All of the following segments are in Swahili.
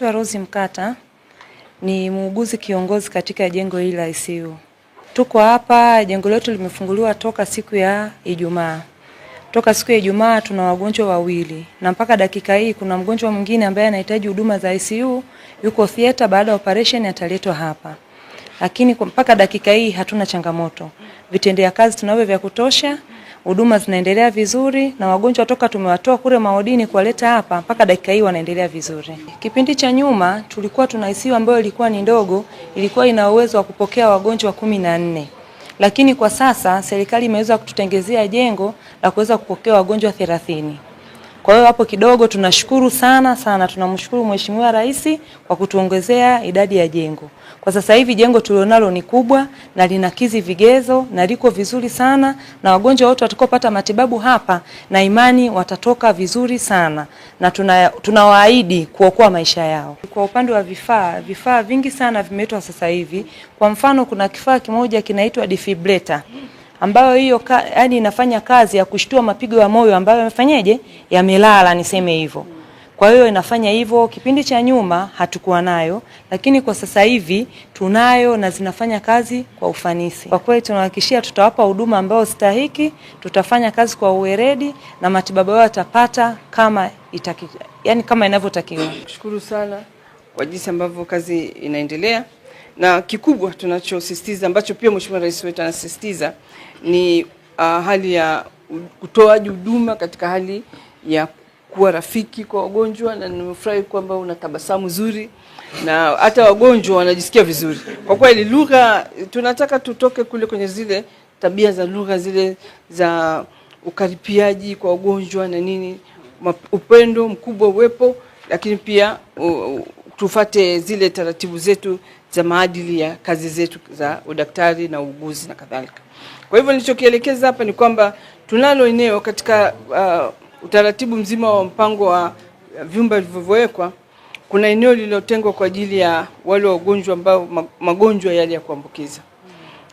Naitwa Rose Mkata ni muuguzi kiongozi katika jengo hili la ICU. Tuko hapa, jengo letu limefunguliwa toka siku ya Ijumaa. Toka siku ya Ijumaa tuna wagonjwa wawili na mpaka dakika hii kuna mgonjwa mwingine ambaye anahitaji huduma za ICU, yuko theta, baada ya operation ataletwa hapa. Lakini mpaka dakika hii hatuna changamoto, vitendea kazi tunavyo vya kutosha huduma zinaendelea vizuri na wagonjwa toka tumewatoa kule maodini kuwaleta hapa mpaka dakika hii wanaendelea vizuri. Kipindi cha nyuma tulikuwa tuna ICU ambayo ilikuwa ni ndogo, ilikuwa ina uwezo wa kupokea wagonjwa kumi na nne lakini kwa sasa serikali imeweza kututengezea jengo la kuweza kupokea wagonjwa thelathini. Kwa hiyo hapo kidogo tunashukuru sana sana, tunamshukuru Mheshimiwa Rais kwa kutuongezea idadi ya jengo. Kwa sasa hivi jengo tulionalo ni kubwa na linakizi vigezo na liko vizuri sana, na wagonjwa wote watakopata matibabu hapa na imani watatoka vizuri sana, na tunawaahidi tuna kuokoa maisha yao. Kwa upande wa vifaa, vifaa vingi sana vimeletwa sasa hivi. Kwa mfano, kuna kifaa kimoja kinaitwa defibrillator ambayo hiyo yani inafanya kazi ya kushtua mapigo ya moyo ambayo yamefanyaje, yamelala, niseme hivyo. Kwa hiyo inafanya hivyo. Kipindi cha nyuma hatukuwa nayo, lakini kwa sasa hivi tunayo na zinafanya kazi kwa ufanisi. Kwa kweli tunahakikishia tutawapa huduma ambayo stahiki, tutafanya kazi kwa uweredi na matibabu yao yatapata kama itaki, yani kama inavyotakiwa. Shukuru sana kwa jinsi ambavyo kazi inaendelea na kikubwa tunachosisitiza ambacho pia Mheshimiwa Rais wetu anasisitiza ni uh, hali ya utoaji huduma katika hali ya kuwa rafiki kwa wagonjwa, na nimefurahi kwamba una tabasamu zuri na hata wagonjwa wanajisikia vizuri kwa kweli. Lugha tunataka tutoke kule kwenye zile tabia za lugha zile za ukaripiaji kwa wagonjwa na nini, upendo mkubwa uwepo, lakini pia u, tufate zile taratibu zetu za maadili ya kazi zetu za udaktari na uuguzi na kadhalika. Kwa hivyo nilichokielekeza hapa ni kwamba tunalo eneo katika uh, utaratibu mzima wa mpango wa uh, vyumba vilivyowekwa, kuna eneo lililotengwa kwa ajili ya wale wagonjwa ambao magonjwa yale ya kuambukiza.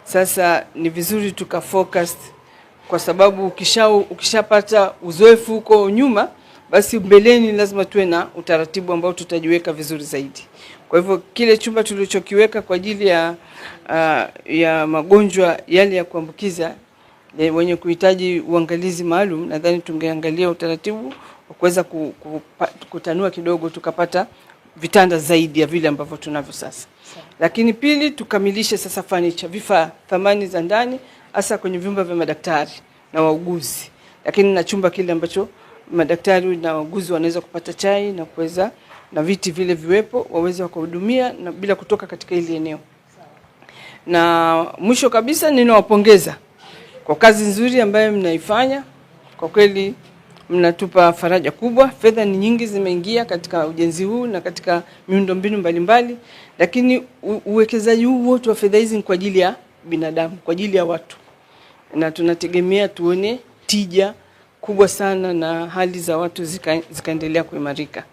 Sasa ni vizuri tukafocus kwa sababu ukisha ukishapata uzoefu huko nyuma basi mbeleni lazima tuwe na utaratibu ambao tutajiweka vizuri zaidi. Kwa hivyo kile chumba tulichokiweka kwa ajili ya, uh, ya magonjwa yale ya kuambukiza e, wenye kuhitaji uangalizi maalum, nadhani tungeangalia utaratibu wa kuweza kutanua kidogo tukapata vitanda zaidi ya vile ambavyo tunavyo sasa. Lakini pili, tukamilishe sasa fanicha, vifaa thamani za ndani hasa kwenye vyumba vya madaktari na wauguzi, lakini na chumba kile ambacho madaktari na wauguzi wanaweza kupata chai na kuweza na viti vile viwepo waweze wakahudumia na bila kutoka katika hili eneo. Na mwisho kabisa, ninawapongeza kwa kazi nzuri ambayo mnaifanya. Kwa kweli mnatupa faraja kubwa. Fedha ni nyingi zimeingia katika ujenzi huu na katika miundombinu mbalimbali, lakini uwekezaji huu wote wa fedha hizi ni kwa ajili ya binadamu, kwa ajili ya watu, na tunategemea tuone tija kubwa sana na hali za watu zikaendelea zika kuimarika.